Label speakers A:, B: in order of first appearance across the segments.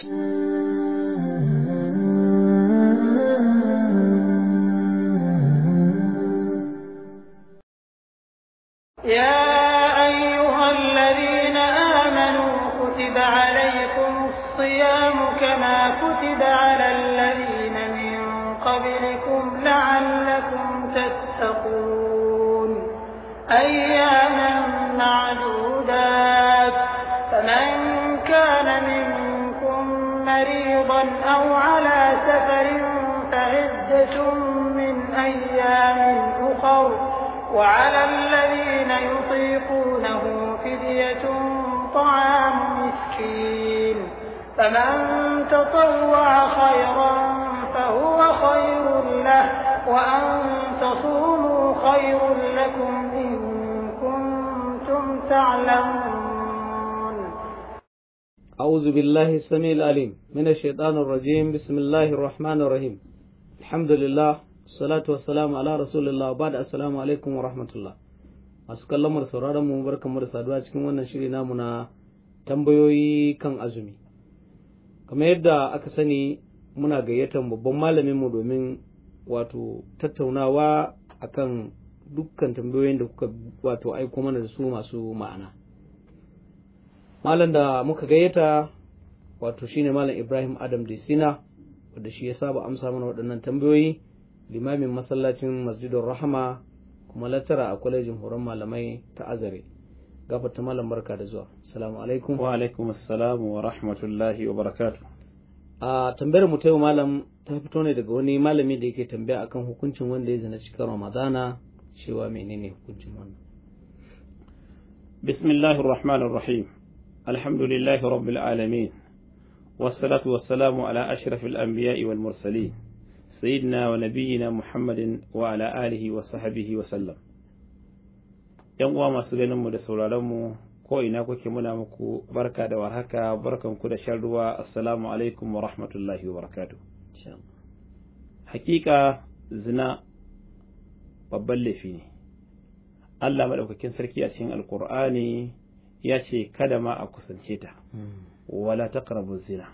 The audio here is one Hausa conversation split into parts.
A: Christ. تعلمون أعوذ
B: بالله السميع العليم من الشيطان الرجيم بسم الله الرحمن الرحيم الحمد لله والصلاة والسلام على رسول الله وبعد السلام عليكم ورحمة الله masu kallon mu da sauraron mu da saduwa cikin wannan shiri namu na tambayoyi kan azumi kamar yadda aka sani muna gayyatar babban malamin mu domin wato tattaunawa akan dukkan tambayoyin da kuka wato aiko mana da su masu ma'ana malam da muka gayyata wato shine malam Ibrahim Adam Desina wanda shi ya saba amsa mana waɗannan tambayoyi limamin masallacin Masjidun Rahama kuma latara a kwalejin horon malamai ta Azare gafarta malam barka da zuwa assalamu alaikum wa alaikum assalam wa
C: rahmatullahi wa barakatu.
B: a tambayar mu ta malam ta fito ne daga wani malami da yake tambaya akan hukuncin wanda ya zina cikin Ramadana cewa menene hukuncin wannan
C: bismillahir rahmanir rahim alhamdulillahi rabbil alamin wassalatu wassalamu ala ashrafil anbiya'i wal mursalin sayyidina wa nabiyyina muhammadin wa ala alihi wa sahbihi wa sallam yan uwa masu ganin mu da sauraron mu ko ina kuke muna muku barka da warhaka barkanku da shan ruwa assalamu alaikum wa rahmatullahi wa barakatuh hakika zina babban laifi ne Allah maɗaukakin sarki a cikin alkur'ani ya ce kada ma a kusance ta wala taqrabu zina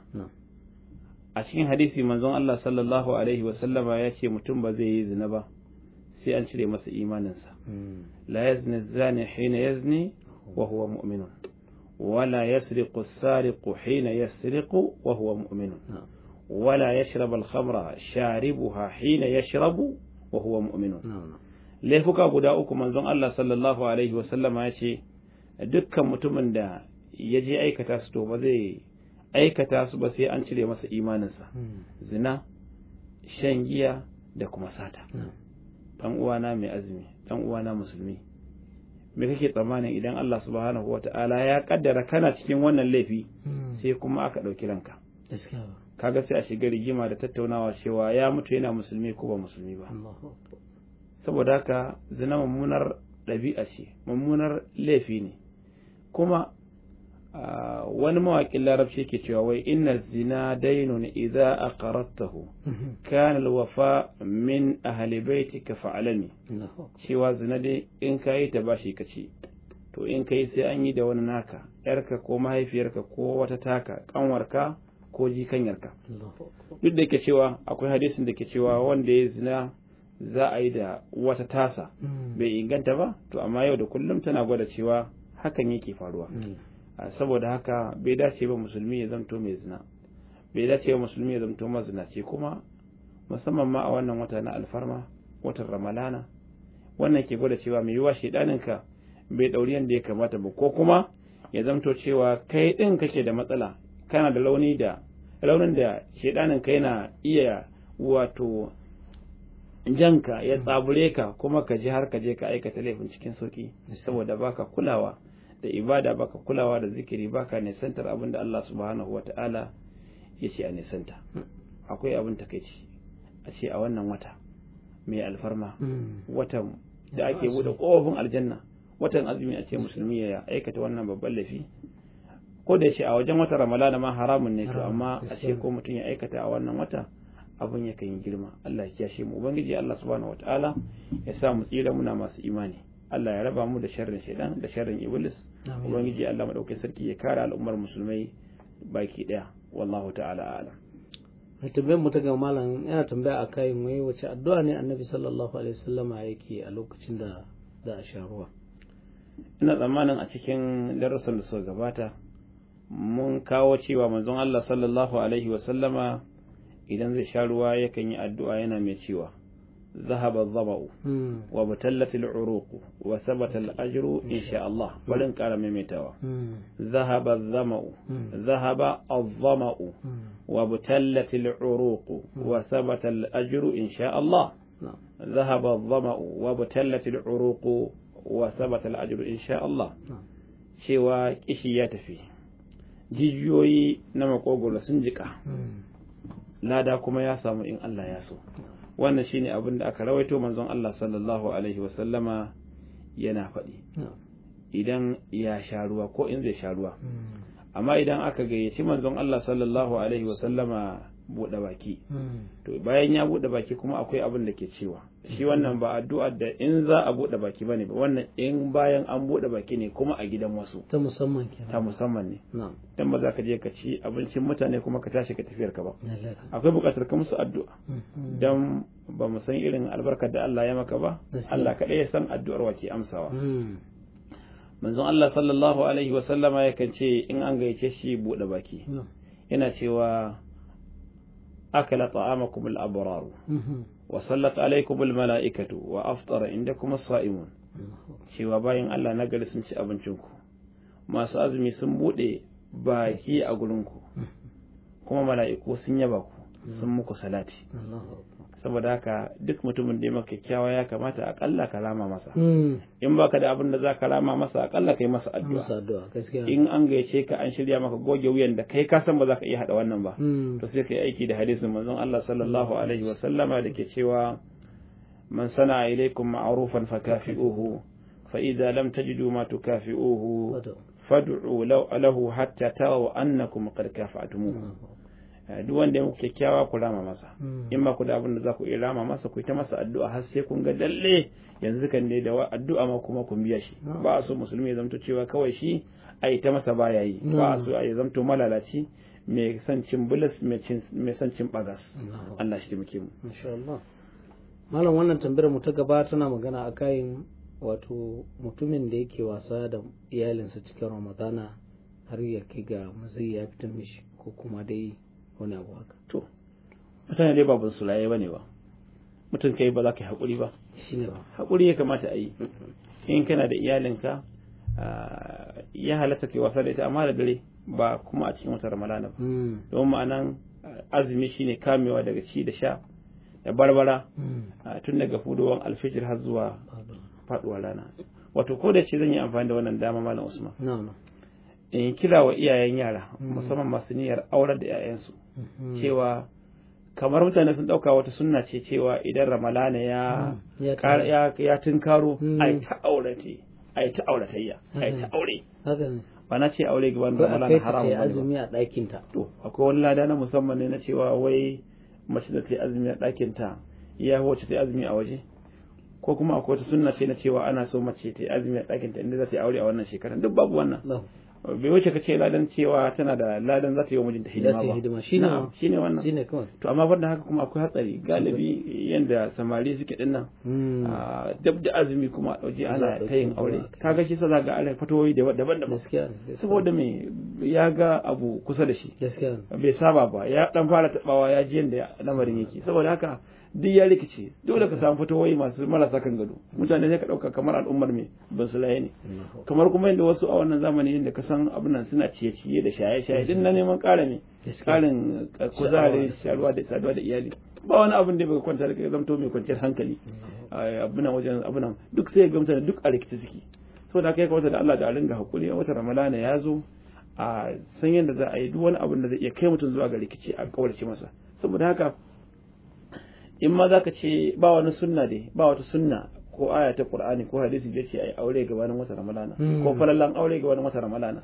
C: a cikin hadisi manzon Allah sallallahu alaihi wasallama ya ce mutum ba zai yi zina ba sai an cire masa imaninsa la yazni zani hina yazni wa huwa mu'minun wala yasriqu as-sariqu hina yasriqu wa huwa mu'minun wala yashrabu al-khamra sharibuha hina yashrabu wa huwa mu'minun laifuka guda uku manzon Allah sallallahu alaihi wasallama ya ce dukkan mutumin da ya je aikata su to ba zai aikata su ba sai an cire masa imaninsa hmm. zina shan giya da kuma sata hmm. dan uwana mai azumi dan uwana musulmi me kake tsammanin idan Allah subhanahu wata'ala ya kaddara kana cikin wannan laifi hmm. sai kuma aka ɗauki ranka kaga sai a shiga rigima da tattaunawa cewa ya mutu yana musulmi ko ba musulmi ba saboda haka zina mummunar ɗabi'a ce mummunar laifi ne kuma wani mawaƙin larabci ke cewa wai inna zina dainun idza aqarattahu mhm. kana alwafa min ahli baitika ne cewa zina dai in kayi ta bashi ce to in kai sai an yi da wani naka yarka ko mahaifiyarka ko wata taka kanwarka ko jikanyarka duk da ke cewa akwai hadisin da ke cewa wanda ya zina za a yi da wata tasa mm. bai inganta ba to amma yau da kullum tana gwada cewa hakan yake faruwa mm. saboda haka bai dace ba musulmi ya zamto mai zina bai dace ba musulmi ya zamto ce kuma musamman ma a wannan wata na alfarma watan ramalana wannan ke gwada cewa mai yiwa shaidaninka bai ɗauri yadda ya kamata ba ko kuma ya zamto cewa kai ɗin kake da matsala kana da launi da launin da shaidaninka yana iya wato janka ya tsabure ka kuma ka ji har ka je ka aikata laifin cikin sauki saboda baka kulawa da ibada baka kulawa da zikiri baka nisantar abin da Allah subhanahu ta'ala ya ce a nisanta akwai abin takaici a ce a wannan wata mai alfarma watan da ake bude kofofin aljanna watan azumi a ce musulmi ya aikata wannan babban laifi ko da shi a wajen wata ramalana ma haramun ne to amma a ce ko mutum ya aikata a wannan wata abin ya kan girma Allah ya kiyashe mu ubangiji Allah subhanahu wataala ya sa mu tsira muna masu imani Allah ya raba mu da sharrin shaidan da sharrin iblis ubangiji Allah madaukakin sarki ya kare al'ummar musulmai baki daya wallahu ta'ala a'lam
B: mai tambayar mu ta ga malam yana tambaya a kayan wai wace
C: addu'a ne annabi sallallahu alaihi wasallam yake a lokacin da da a ina tsammanin a cikin darasin da suka gabata mun kawo cewa manzon Allah sallallahu alaihi wasallama idan zai sha ruwa yakan yi addu'a yana mai cewa ذهب الضبع وبتلت نعم. العروق وثبت الأجر إن شاء الله ولن نعم. قال ميميتوا ذهب الظمأ ذهب الظمأ وبتلت العروق وثبت الأجر إن شاء الله ذهب الظمأ وبتلت العروق وثبت الأجر إن شاء الله شوى إشيات فيه جيجوي نمقوغل لسنجكا lada kuma ya samu in Allah ya so wannan shine abin da aka rawaito manzon Allah sallallahu alaihi wasallama yana faɗi idan ya sha ruwa ko in zai sha ruwa hmm. amma idan aka gayyaci manzon Allah sallallahu alaihi wasallama buɗe baki hmm. to bayan ya buɗe baki kuma akwai abin da ke cewa shi hmm. wannan ba addu'a da in za a buɗe baki bane ba wannan in bayan an buɗe baki ne kuma a gidan wasu ta musamman kenan ta musamman ne dan ba za ka je ka ci abincin mutane kuma ka tashi ka tafiyar ka ba akwai buƙatar ka musu addu'a hmm. dan ba mu san irin albarkar da Allah ya maka ba Allah kaɗai ya san addu'ar wace amsawa manzon Allah sallallahu alaihi wa sallama yakan ce in an gaice shi buɗe baki yana cewa akala ta'amakum al-abrar wa sallat alaikum al-mala'ikatu wa aftara inda kuma saimun cewa bayan Allah na gari sun ci abincin ku masu azumi sun bude baki a gurin ku kuma mala'iku sun yaba ku sun muku salati saboda haka duk mutumin da ya maka kyakkyawa ya kamata akalla ka rama masa hmm. in baka da abin da za ka rama masa akalla kai masa addu'a in an gaice ka an shirya maka goge wuyan da kai ka san ba za ka iya hada wannan ba hmm. to sai kai aiki da hadisin manzon Allah sallallahu alaihi wa sallama da ke cewa man sana ilaikum ma'rufan fakafi'uhu fa idza lam tajidu ma tukafi'uhu fad'u lahu hatta taraw annakum qad kafa'tumuhu Eh, duk wanda ya muku kyakkyawa ku rama masa hmm. in ba ku da abin da za ku iya rama masa ku yi ta masa addu'a har sai kun ga dalle yanzu kan ne da addu'a ma kuma ku biya shi hmm. ba a so musulmi ya zamto cewa kawai shi a yi ta masa baya yi hmm. ba a so a yi zamto malalaci mai son cin bulas mai son cin bagas Allah shi muke mu
B: malam wannan tambayar mu ta gaba tana magana a kayan wato mutumin da yake wasa da iyalinsa cikin ramadana har ya kai ga mazai ya fitar mishi
C: ko kuma dai wani abu haka to mutane dai ba ba laye bane ba mutum kai ba za ka yi haƙuri ba haƙuri ya kamata a yi in kana da iyalinka ya halatta kai wasa da ita amma da dare ba kuma a cikin wata ramadana ba hmm. domin ma'anan azumi shine kamewa daga ci da sha da barbara hmm. tun daga fudowan alfijir har zuwa faɗuwar rana wato ko da ce zan yi amfani da wannan dama malam usman in kira wa iyayen yara mm. musamman masu niyyar aurar da 'ya'yansu mm-hmm. cewa kamar mutane sun ɗauka wata sunna ce cewa idan ramalana ya mm. ya tunkaro mm. a yi ta aurate a yi ta auratayya a yi ta mm-hmm. aure ba na ce aure gaban ramalana haramu ba azumi a ɗakin ta to akwai wani lada na musamman ne na cewa wai mace da ta azumi a ɗakin ta ya wacce ta azumi a waje ko kuma akwai wata sunna ce na cewa ana so mace ta azumi a ɗakin ta inda za ta yi aure a wannan shekaran duk babu wannan bai wuce ka ce ladan cewa tana da ladan za ta yi wa mijinta hidima ba shi ne wannan to amma da haka kuma akwai hatsari galibi yanda samari suke dinnan hmm. dab da azumi kuma a ana ta yin aure kaga shi sa za ga ana fatoyi daban daban saboda me ya ga abu kusa da shi bai saba ba ya dan fara tabawa ya ji yanda lamarin yake saboda haka duk ya rikice dole ka samu fitowai masu marasa kan gado mutane sai ka dauka kamar al'ummar me ban su laye ne kamar kuma yadda wasu a wannan zamani yadda ka san abin nan suna ciye-ciye da shaye-shaye din na neman ƙara ne ƙarin eh, kuzari sharuwa da saduwa da iyali ba wani abin da baka kwanta da ka zamto mai kwanciyar hankali abin wajen abin duk sai gamta da duk a rikice suke saboda haka ka wata da Allah da a ringa hakuri a watan Ramadana ya zo a san yadda za a yi duk wani abin da zai iya kai mutum zuwa ga rikici a kawarce masa saboda haka in ma ka ce ba wani sunna dai ba wata sunna ko aya ta qur'ani ko hadisi da ce ai aure gabanin wata ramadana hmm. ko falallan aure gabanin wata ramadana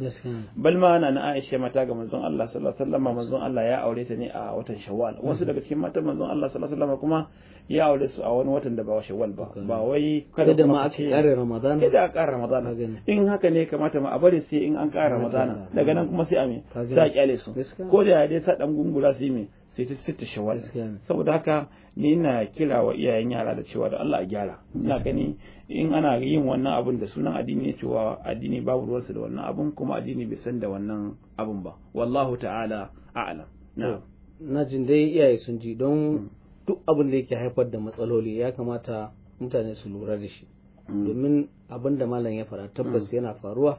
C: bal ma ana na aisha mata ga manzon Allah sallallahu alaihi wasallam manzon Allah ya aure ta ne a watan shawwal hmm. wasu daga cikin matan manzon Allah sallallahu alaihi wasallam kuma ya aure su a wani watan da ba shawwal ba ba wai kada da ma aka kare ramadana kada aka kare ramadana in haka ne kamata ma a bari sai in an kare ramadana daga nan kuma sai a me za a kyale su ko da ya dai sa dan gungura su yi me sai ta sita shawara saboda haka ni ina kira wa iyayen yara da cewa da Allah a gyara ina gani in ana yin wannan abun da sunan addini cewa addini babu ruwansa da wannan abun kuma addini bai san da wannan abun ba wallahu ta'ala a'lam na jin dai iyaye sun ji don hmm. duk abin da yake haifar da
B: matsaloli ya kamata mutane su lura da shi hmm. domin abin da malam ya fara tabbas hmm. yana faruwa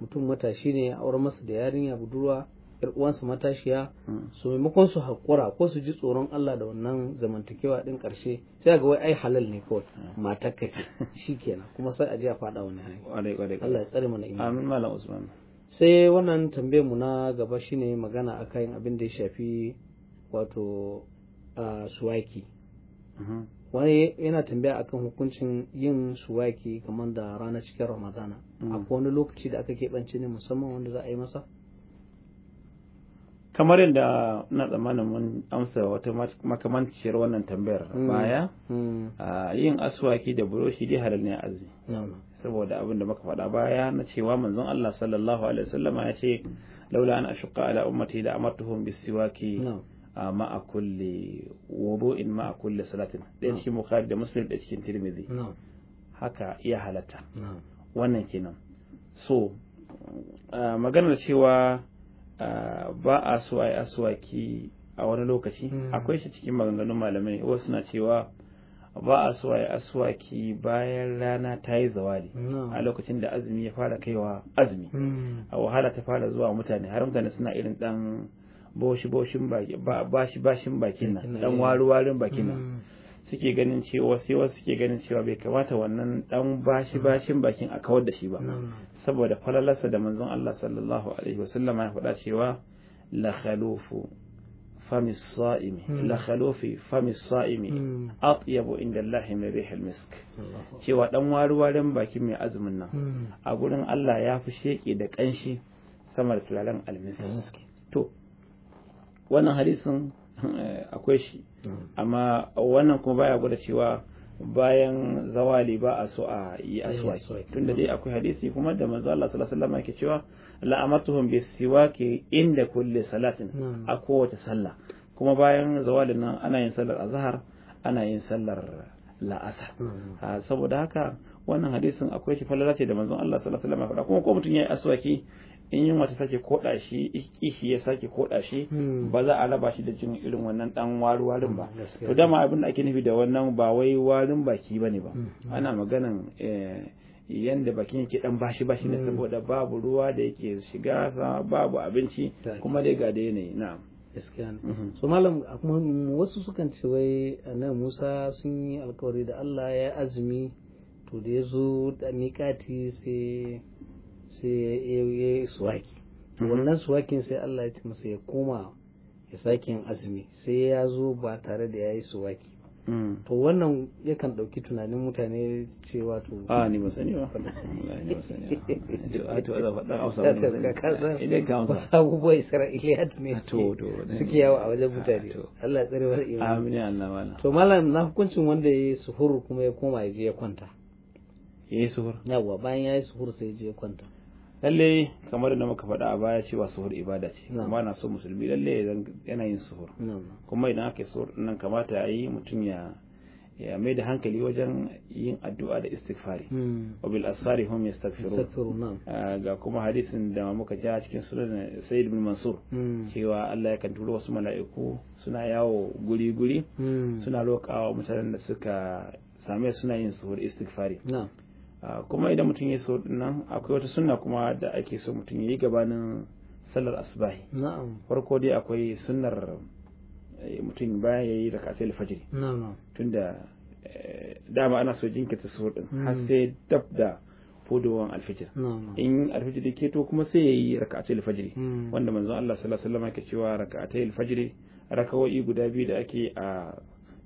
B: mutum matashi ne auren masa da yarinya budurwa yar uwansu matashiya hmm. su maimakon su haƙura ko su ji tsoron Allah da wannan zamantakewa din karshe sai ga wai ai halal ne kawai hmm. matar ka ce shikenan kuma sai a ji a faɗa wani
C: hali
B: Allah ya tsare mana imani amin malam usman sai wannan tambayar mu na gaba shine magana akan abin da ya shafi wato suwaki mm-hmm. wani yana tambaya akan hukuncin yin suwaki kamar da ranar cikin ramadana mm. akwai
C: wani lokaci da aka keɓance ne musamman wanda za a yi masa kamar yadda na tsammanin mun amsa wata makamanciyar wannan tambayar mm. baya mm. yin aswaki da buroshi dai halal ne azumi saboda abin da muka faɗa baya na cewa manzon Allah sallallahu alaihi wasallam ya ce laula an ashqa ala ummati da amartuhum bisiwaki a kulli wudu'in a kulli salatin ɗaya shi bukhari da muslim da cikin tirmidhi haka ya halatta wannan kenan so maganar cewa ba a so a yi aswaki a wani lokaci hmm. akwai shi cikin maganganun malamai wasu na cewa ba a so a yi aswaki bayan rana ta yi zawali a lokacin da azumi ya fara kaiwa azumi hmm. a wahala ta fara zuwa mutane har mutane suna irin dan boshi boshin baki bashin bakin nan dan waru warin bakin nan suke ganin cewa sai wasu suke ganin cewa bai kamata wannan dan bashi bashin bakin a kawar da shi ba mm. saboda falalarsa da manzon Allah sallallahu alaihi wasallama ya faɗa cewa la khalufu sa'imi mm. la khalufi fami sa'imi mm. atyabu inda Allah من cewa dan waruwarin bakin mai azumin nan a gurin Allah ya fi sheke da kanshi sama da tulalan almiski to wannan hadisin Eh, akwai shi hmm. amma wannan kuma baya gwada cewa bayan zawali ba a so a yi aswaki tunda dai hmm. akwai hadisi kuma da manzo Allah sallallahu alaihi wasallam yake cewa la'amatuhum siwaki inda kulli salatin hmm. a kowace sallah kuma bayan zawalin nan ana yin sallar azhar ana yin sallar la'asar ah, saboda haka wannan hadisin akwai shi falala ce da manzon Allah sallallahu alaihi wasallam ya kuma ko mutum ya yi aswaki in yunwa ta sake koda shi kishi ya sake koda shi hmm. ba za a raba shi da jin irin wannan dan waru warin ba hmm, to dama abin da ake nufi da wannan ba wai warin baki bane ba hmm, ana maganan eh, yanda bakin yake dan bashi bashi ne saboda babu ruwa da yake shiga babu abinci kuma dai ga da yanayi na'am gaskiya mhm.
B: so malam kuma wasu sukan ce wai nan Musa sun yi alkawari da Allah ya azumi to da yazo da miƙati sai sai ya yi suwaki mhm. wannan suwakin sai Allah ya ce masa ya koma ya sake yin azumi sai ya zo ba tare da ya yi suwaki hmm. to wannan yakan ɗauki tunanin mutane cewa to a ni ba sani ba to a faɗa hausa idan ka hausa abubuwa isra'iliyat ne suke yawo a wajen mutane Allah tsare wa iya amin ya Allah mala to malam na hukuncin wanda
C: ya yi suhur kuma ya koma ya je ya kwanta ya yi suhur yawa bayan ya yi suhur sai ya je ya kwanta lalle kamar da muka faɗa a baya cewa suhur ibada ce kuma na so musulmi lalle yana yin suhur kuma idan aka yi suhur nan kamata a yi mutum ya ya mai da hankali wajen yin addu'a da istighfari hmm. wa bil asfari hum yastaghfirun ah, ga kuma hadisin da muka ja cikin sunan sayyid ibn mansur hmm. cewa Allah yakan turo wasu mala'iku suna yawo guri guri hmm. suna lokawa mutanen da suka same suna yin suhur istighfari Ah, kuma idan mutum ya so dinnan akwai wata sunna kuma da ake so mutum ya yi gabanin sallar asubahi farko dai akwai sunnar eh, mutum bayan ya yi fajiri na'am tunda eh, dama ana so jinkirta so din har hmm. sai dab da fodowan alfijir in alfijir da keto kuma sai ya yi rakatai alfajiri hmm. wanda manzon Allah sallallahu alaihi wasallam yake cewa rakatai alfajiri rakawoyi guda biyu da ake a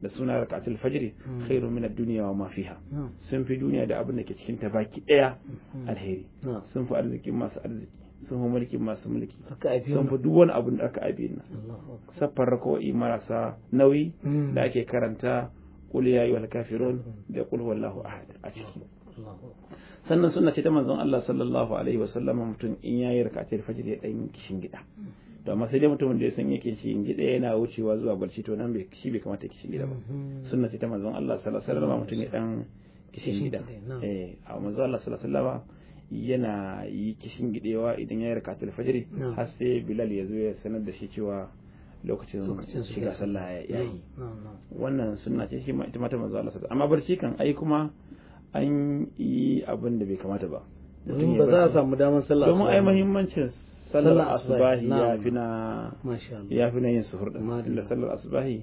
C: da suna rakatul fajiri. Hmm. khairu min ad-dunya wa ma fiha hmm. sun fi duniya da abin da ke cikin ta baki daya hmm. alheri sun fi arzikin masu arziki sun fi mulkin masu mulki sun fi duk wani abin da aka abi na saffar rakoi marasa nauyi da ake karanta qul ya ayyuhal kafirun da qul huwallahu ahad a ciki sannan suna ce ta manzon Allah sallallahu alaihi wa sallam mutum in yayi rakatul fajr ya dan kishin gida to amma sai dai mutumin da ya san yake shi gida yana wucewa zuwa barci to nan shi bai kamata kishin gida ba mm-hmm. sunna ce ta manzon Allah sallallahu alaihi wasallam mutum ya dan kishin gida eh a manzon Allah sallallahu alaihi wasallam yana yi kishin gidewa idan ya yarka tul fajr har sai Bilal ya zo ya sanar da shi cewa lokacin shiga sallah ya yi wannan sunna ce shi ma ita mata manzon Allah sallallahu alaihi wasallam amma barci kan ai kuma an yi abin da bai kamata ba domin ba za a samu damar sallah domin ai muhimmancin sallar asubahi ya fi na ya fi na yin suhur din inda sallar asubahi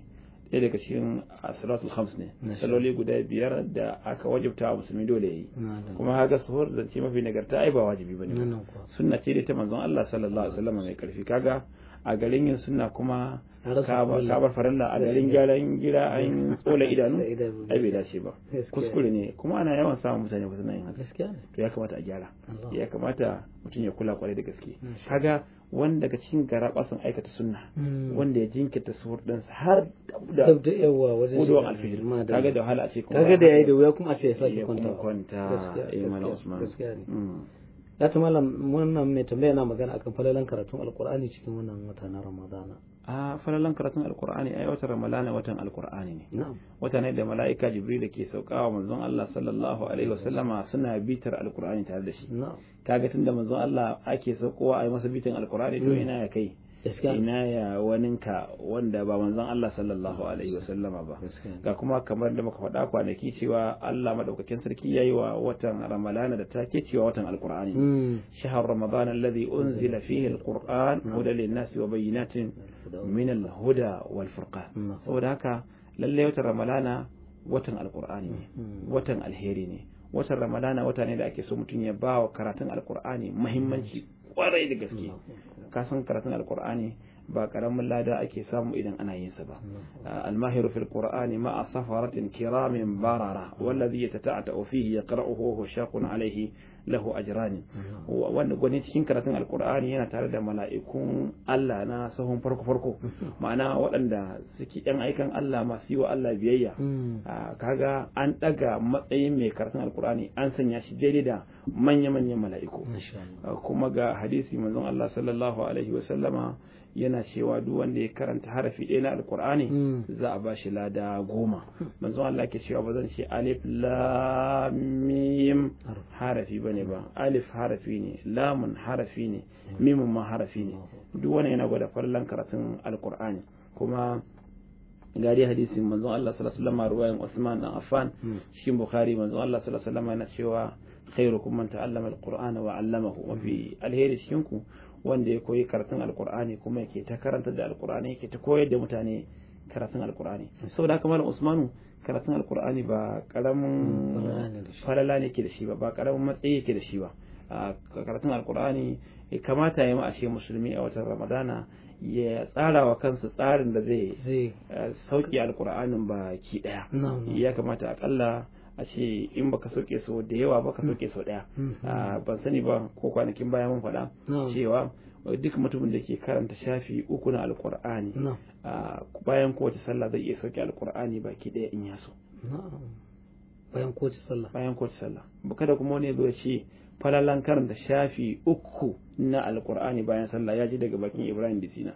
C: ɗaya daga cikin asiratul khams ne salloli guda biyar da aka wajibta wa musulmi dole yi kuma haka suhur zance mafi nagarta ai ba wajibi bane sunna ce da ta manzon Allah sallallahu alaihi wasallam mai karfi kaga a garin yin suna kuma kabar farilla a garin gyaran gida yin tsola idanu ai bai dace ba kuskure ne kuma ana yawan samun mutane ba suna yin haka to ya kamata a gyara ya kamata mutum ya kula kwarai da gaske mm. kaga wanda daga cikin garabasan aikata sunna mm. wanda ya jinkirta suhurdansa har da da yawa wajen gudun alfihir kaga da wahala a ce kaga da yayi da wuya kuma a ce ya sake kwanta kwanta eh usman gaskiya ne mm.
B: ya ta malam wannan mai tambaya na magana akan falalan karatun alkur'ani cikin wannan wata na ramadana
C: a falalan karatun alkur'ani ai watan ramadana watan alkur'ani ne wata ne da mala'ika jibril ke saukawa manzon Allah sallallahu alaihi wasallama suna bitar alkur'ani tare da shi kaga tunda manzon Allah ake saukowa ai masa bitan alkur'ani to mm. ina ya kai ina ya waninka wanda ba manzon Allah sallallahu alaihi wasallama ba ga kuma kamar da muka faɗa kwanaki cewa Allah madaukakin sarki yayi wa watan Ramadana da take cewa watan Alqur'ani hmm. shahar Ramadan alladhi unzila fihi alquran hmm. hudan lin wa bayyinatin hmm. min al-huda wal-furqan saboda haka lalle watan Ramadana watan Alqur'ani ne watan alheri ne watan Ramadana wata ne da ake so mutum ya ba wa karatun Alqur'ani muhimmanci kwarai da gaske ka san karatun alkur'ani ba karamin lada ake samu idan ana yin sa ba mm. almahiru fil qur'ani ma safaratin kiramin barara wallazi yatata'ata fihi yaqra'uhu shaqun alayhi lahu ajrani mm. wanda gwani cikin karatun alqur'ani yana tare da mala'ikun Allah na sahun farko farko mm. ma'ana waɗanda suke yan aikan Allah masu yi wa Allah biyayya kaga an daga matsayin mai karatun alqur'ani an sanya shi daidai da manya manyan mala'iku kuma ga hadisi manzon Allah sallallahu alaihi wa sallama yana cewa duk wanda ya karanta harafi ɗaya na alkur'ani hmm. za a ba shi lada goma hmm. manzon Allah ke cewa ba zan ce alif lam mim harafi bane ba hmm. alif harafi ne lamun harafi ne mimun ma harafi ne duk wani yana gwada farlan karatun alkur'ani kuma gari hadisin manzon Allah sallallahu alaihi wasallam ruwayan Uthman dan Affan cikin Bukhari manzon Allah sallallahu alaihi wasallam yana cewa khairukum man ta'allama alqur'ana wa 'allamahu wa fi alheri cikin ku wanda ya koyi karatun alkur'ani kuma yake ta karanta da alkur'ani yake ta koyar da mutane karatun alkur'ani saboda haka malam usmanu karatun alkur'ani ba karamin falala ne ke da shi ba ba karamin matsayi yake da shi ba karatun alkur'ani kamata ya ma'ashe musulmi a watan ramadana ya tsara wa kansa tsarin da zai eh, sauki alkur'anin baki daya ya kamata akalla a ce in baka soke so da yawa ba ka soke so daya ban sani ba ko kwanakin baya mun faɗa cewa uh, duk mutumin da ke karanta shafi uku na alkur'ani ah, bayan kowace sallah zai iya sauke alkur'ani baki daya in ya so bayan kowace sallah bayan kowace sallah kada kuma wani zo ce falalan karanta shafi uku na alkur'ani bayan sallah ya ji daga bakin ibrahim bisina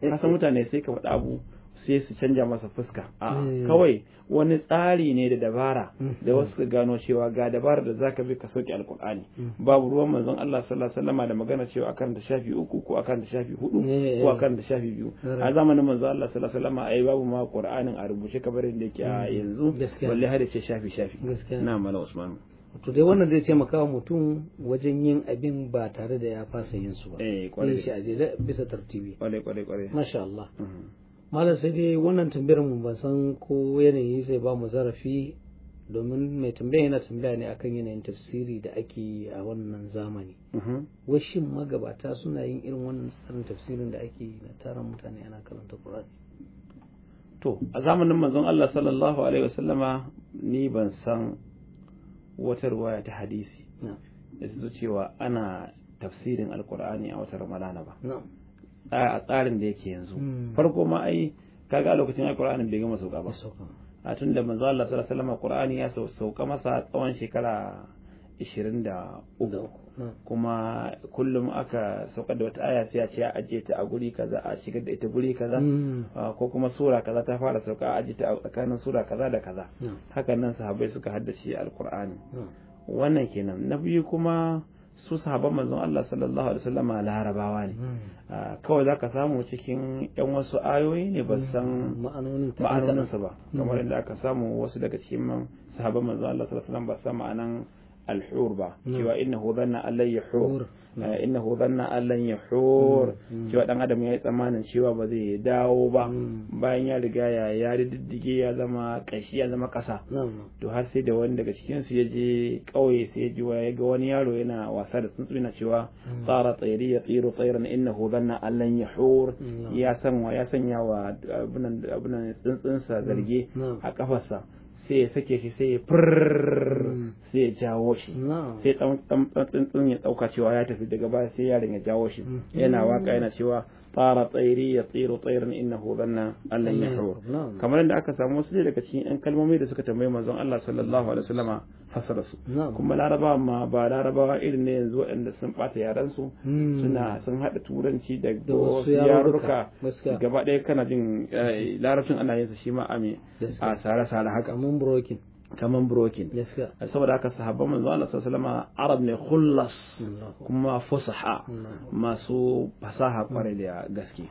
C: kasan mutane sai ka faɗa abu sai su canja masa fuska a eh. kawai wani tsari ne da dabara mm. da wasu su gano cewa ga dabara da zaka bi ka sauke alkur'ani mm. babu ruwan manzon Allah sallallahu alaihi wasallama da magana cewa akan da shafi uku ko akan da shafi hudu eh, eh, ko akan da shafi biyu a zamanin manzon Allah sallallahu alaihi wasallama ai babu ma qur'anin a rubuce kamar da yake a mm. yanzu balle har ce shafi shafi na mala usman
B: to dai wannan zai taimaka wa mutum wajen yin abin ba tare da ya fasa yin su ba.
C: Eh, kwarai. Yin shi da bisa tartibi. Kwarai, kwarai, kwarai. Masha
B: Allah. malam sai dai wannan tambayar mu ba san ko yanayi zai ba mu zarafi domin mai tambaya yana tambaya ne akan yanayin tafsiri da ake yi a wannan zamani mm-hmm. washin magabata suna yin irin wannan tsarin tafsirin da ake yi na taron mutane ana karanta qur'ani
C: to a zamanin manzon Allah sallallahu alaihi wasallama ni ban san wata ruwaya ta hadisi da cewa ana tafsirin alqur'ani a wata ramadana ba tsarin da yake yanzu hmm. farko ma ai kaga lokacin ai qur'ani bai gama sauka ba a tun da manzo Allah sallallahu alaihi wasallam Qur'ani ya sauka masa tsawon shekara 23 hmm. kuma kullum aka saukar da wata aya sai a ce a aje ta a guri kaza a shigar da ita guri kaza hmm. ko kuma sura kaza ta fara sauka a aje ta a tsakanin sura kaza da kaza hakan nan sahabbai suka haddace alqur'ani wannan kenan na biyu kuma su sahabban manzon Allah sallallahu alaihi wasallama larabawa ne hmm. ah, kawai zaka samu cikin yan wasu ayoyi ne ba hmm. san ma'anonin ba hmm. kamar inda aka samu wasu daga cikin sahabban manzon Allah sallallahu alaihi wasallam ba san ma'anan alhur ba cewa innahu dhanna an lan yahur innahu dhanna an lan yahur cewa dan adam ya yi tsammanin cewa ba zai dawo ba bayan ya riga ya ya diddige ya zama kashi ya zama kasa to har sai da wani daga cikin su ya je kauye sai ya ji ya wani yaro yana wasa da tsuntsu yana cewa tsara tsairi ya tsiro tsairan innahu dhanna an lan yahur ya san ya sanya wa abunan abunan tsuntsunsa zarge a kafarsa sai ya sake shi sai ya hmm. sai ya jawo shi sai dan ya dauka cewa ya tafi daga baya sai yaron ya jawo shi hmm. yana waka hmm. yana cewa fara طار طيري يطير طيرا انه ظن ان لن يحور كما ان aka samu wasu ne daga cikin yan kalmomi da suka tambaye manzon Allah sallallahu alaihi wasallama fasara su kuma larabawa ma ba larabawa irin ne yanzu waɗanda sun bata yaran su hmm. suna sun hada turanci da wasu yaruka gaba ɗaya kana jin eh, larabcin ana yin shi ma a sare sare haka mun broken kaman broken saboda haka sahabban manzo Allah sallallahu arab ne khullas kuma fusaha masu fasaha kware da gaske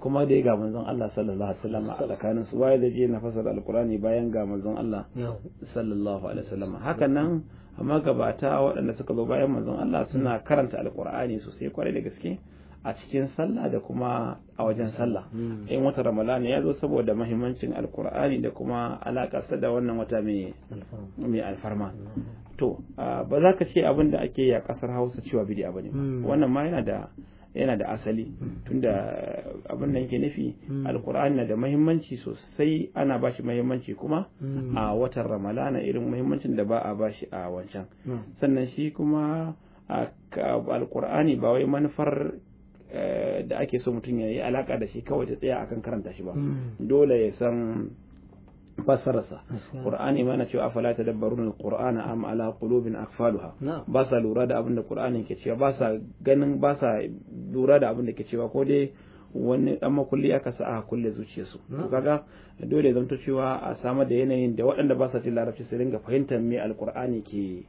C: kuma dai ga manzon Allah sallallahu alaihi wasallam a tsakanin su waye da je na fasara alqurani bayan ga manzon Allah sallallahu alaihi wasallam haka nan amma gabata waɗanda suka zo bayan manzon Allah suna karanta alqurani sosai kware da gaske a cikin sallah da kuma a wajen sallah hmm. in wata ramadan ya zo saboda mahimmancin alkur'ani da kuma alaƙa da wannan wata mai alfarma hmm. to ba za ka ce abin da ake yi a kasar hausa cewa bidi ba ne hmm. wannan ma yana da yana da asali tunda eh, abin da yake nufi alkur'ani na da mahimmanci sosai ana ba shi mahimmanci kuma a watan ramalana irin mahimmancin da ba a ba shi a wancan sannan shi kuma alkur'ani ba wai manufar Eh, da ake so mutum ya yi alaka da shi kawai ta tsaya akan karanta shi ba hmm. dole ya san fassararsa qur'ani mana cewa afala tadabbaruna alqur'ana am ala qulubin aqfaluha ba sa lura da abin da qur'ani ke cewa ba sa ganin ba sa lura da abin da ke cewa ko dai wani dan makulli aka sa a kulle zuciyarsu to kaga dole zanto cewa a samar da yanayin da waɗanda ba sa jin larabci su ringa fahimtar me alqur'ani ke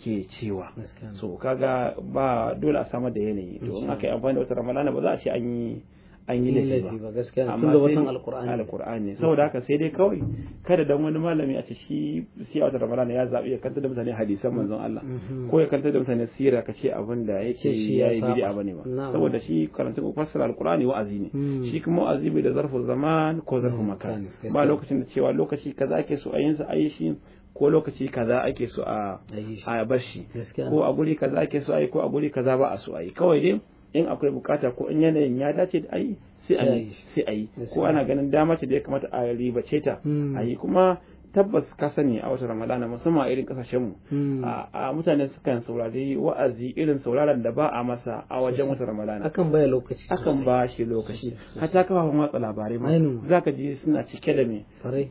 C: ke cewa so kaga ba dole a samar da yanayi to in aka yi amfani da wata ramadana ba za a ce an yi an yi laifi ba gaskiya tun da watan alqur'ani alqur'ani saboda haka sai dai kawai kada dan wani malami a ce shi a wata ramadana ya zabi ya kanta da mutane hadisan manzon Allah mm-hmm. ko ya kanta da mutane sira ka ce abin da yake ya yayi bid'a bane ba saboda shi karantun fassara alqur'ani wa'azi ne mm. shi kuma wa'azi bai da zarfu zaman ko zarfu mm, makan ba lokacin da cewa lokaci kaza ake so ayin sa ayi shi ko lokaci kaza ake so a a bar shi ko a guri kaza ake so a ko a guri kaza ba a so ayi kawai dai in akwai bukata ko in yanayin ya dace da ayi sai a yi ko ana ganin dama ce da ya kamata a ribace ta hmm. a yi kuma tabbas ka sani a wata ramadana musamman a irin kasashenmu
A: hmm. a
C: mutane sukan saurari wa'azi irin sauraron da ba a masa a wajen wata ramadana akan baya lokaci akan ba shi lokaci kafa kafafen watsa labarai ma za ka ji suna cike da me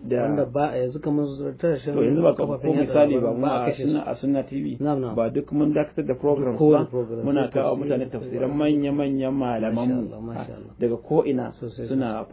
C: da wanda ba a yanzu kamar da to
B: yanzu ba Ko misali ba mu a
C: suna tv ba duk mun dakatar da program ba muna kawo mutane tafsiran manya-manyan malamanmu daga ko ina suna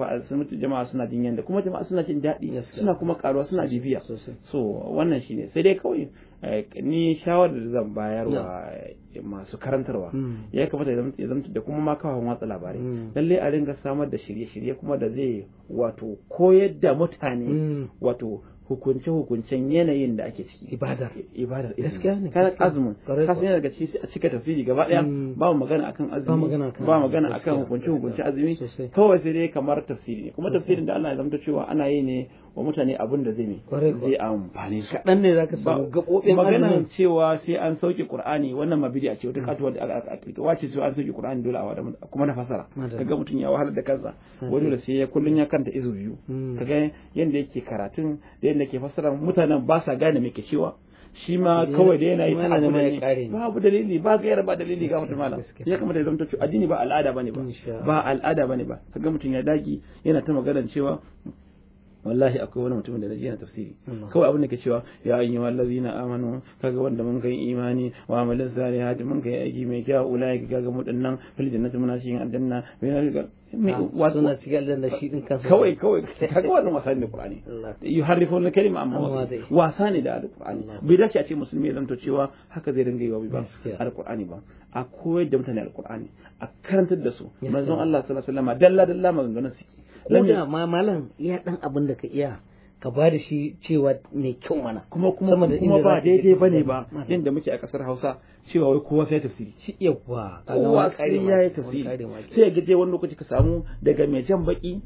C: jama'a suna jin yanda kuma jama'a suna jin daɗi suna kuma karuwa suna jin tarbiya so wannan shine sai dai kawai eh, ni shawarar da zan bayarwa eh, masu karantarwa hmm. ya kamata ya zamta da kuma ma kawawan watsa labarai hmm. lalle a ringa samar da shirye-shirye kuma da zai wato koyar da mutane hmm. wato hukunce-hukuncen yanayin da ake ciki ibadar ibadar gaskiya ne kana azumin ka san daga ciki a cika tafsiri gaba daya mm. ba mu magana akan azumi ba magana akan hukunce-hukunce azumi kawai sai dai kamar tafsiri ne kuma tafsirin da Allah ya zanta cewa ana yi ne wa mutane abin da zai zai amfani ka dan ne zaka samu gabobin maganar cewa sai an sauke Qur'ani wannan mabidi a ce wata mm. katuwa da aka kirkira wace sai an sauke Qur'ani dole a wada kuma na fasara kaga mutum ya wahalar da kansa wani da sai ya kullun ya kanta izu biyu mm. kaga yanda yake karatun da da ke fassara mutanen ba sa gane mai kishiwa shi ma kawai da yana yi ta abu ne babu dalili ba yara ba dalili ga mutum malam ya kamata ya zama addini ba al'ada ne ba ba al'ada ne ba ga mutum ya dagi yana ta maganar cewa wallahi akwai wani mutumin da na yana tafsiri kawai abin da ke cewa ya ayyu allazina amanu kaga wanda mun kai imani wa amalin salihati mun kai aiki mai kyau ulai kaga mu dinnan fil jannati muna cikin aljanna na ah, cikin aljanna shi din kansa kawai kawai kaga wannan wasa ne da qur'ani yuharrifun al-kalima amma wasa ne da al-qur'ani bai dace a ce musulmi ya zanto cewa haka zai dinga yi wa ba al-qur'ani ba a koyar da mutane al-qur'ani a karantar da su manzon Allah sallallahu alaihi wasallam dalla dalla maganganun suke ko da ma malam iya dan abin da ka iya ka ba da shi cewa mai kyau mana kuma kuma ba daidai ne ba yadda muke a kasar Hausa cewa wai kowa sai tafsiri shi yawa kowa sai ya yi tafsiri sai ga gaje wani lokaci ka samu daga mai jan baki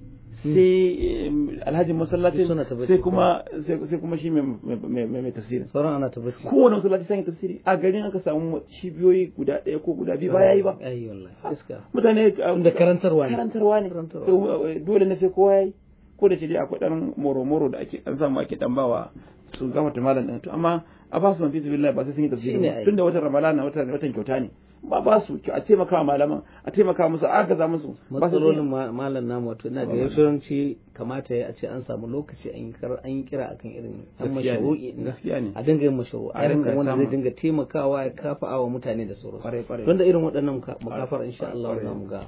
C: Hmm. sai alhaji masallacin sai kuma sai kuma shi mai mai tafsirin sauran ana tabbaci kowane masallaci sai tafsiri a garin aka samu cibiyoyi guda ɗaya ko guda biyu ba yayi ba ayi wallahi iska mutane da karantarwa ne
B: karantarwa ne
C: dole ne sai kowa yayi ko da ce dai akwai dan moro-moro da ake an samu ake dan bawa su gama malam din to amma a ba su man fizibillah ba sai sun yi tafsiri tunda watan ramadana watan kyauta ne ba ba su a taimaka malaman a taimaka musu a gaza musu matsalolin malam namu wato
B: ina da yaushe kamata ya ce an samu lokaci an yi kira akan irin an ne. a dinga yin mashru'i a dinga wanda zai dinga taimakawa ya kafa awa mutane da sauransu don da irin waɗannan makafar insha Allah za mu ga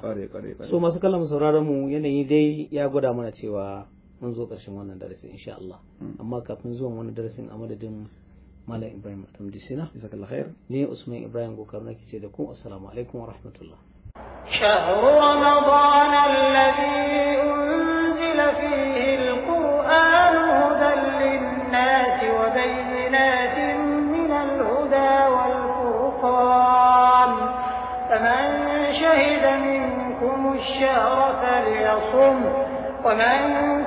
B: so masu kallon sauraron mu yanayi dai ya gwada mana cewa mun zo ƙarshen wannan darasin insha Allah hmm. amma kafin zuwan wani darasin a madadin مالي إبراهيم أتم ديسينا جزاك الله خير ني اسمي إبراهيم بوكرنا كي سيدكم السلام عليكم ورحمة الله
A: شهر رمضان الذي أنزل فيه القرآن هدى للناس وبينات من الهدى والفرقان فمن شهد منكم الشهر فليصم ومن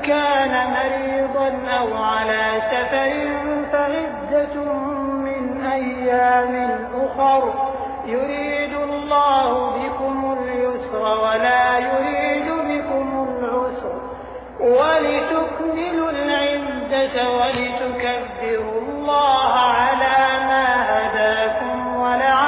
A: كان مريضا أو على سفر عدة من أيام أخر يريد الله بكم اليسر ولا يريد بكم العسر ولتكملوا العدة ولتكبروا الله على ما هداكم ولعلكم